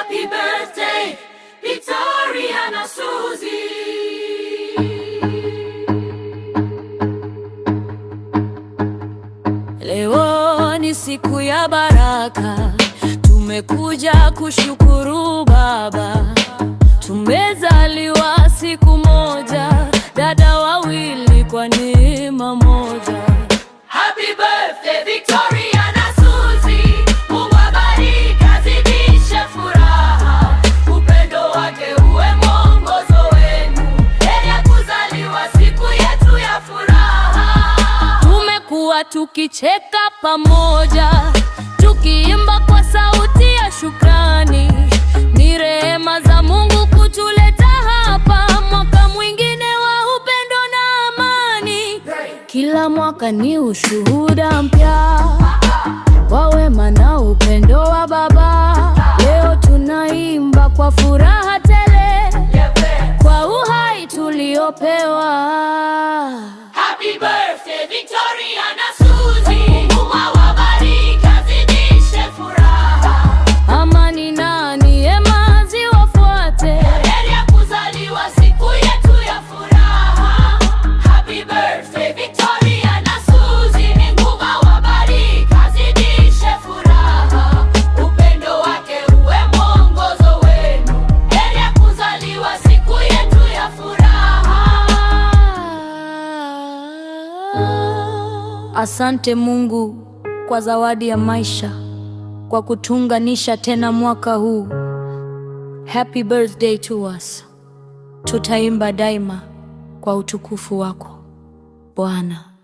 Happy birthday, Victoria na Suzy. Leo ni siku ya baraka, tumekuja kushukuru Baba. Tumezaliwa siku moja, dada wawili kwa neema moja. Happy birthday, Victoria. tukicheka pamoja, tukiimba kwa sauti ya shukrani. Ni rehema za Mungu kutuleta hapa, mwaka mwingine wa upendo na amani. Kila mwaka ni ushuhuda mpya wa wema na upendo wa Baba. Leo tunaimba kwa furaha tele, kwa uhai tuliopewa. Happy birthday. Victoria Nacional. Asante Mungu kwa zawadi ya maisha, kwa kutunganisha tena mwaka huu. Happy birthday to us. Tutaimba daima kwa utukufu wako Bwana.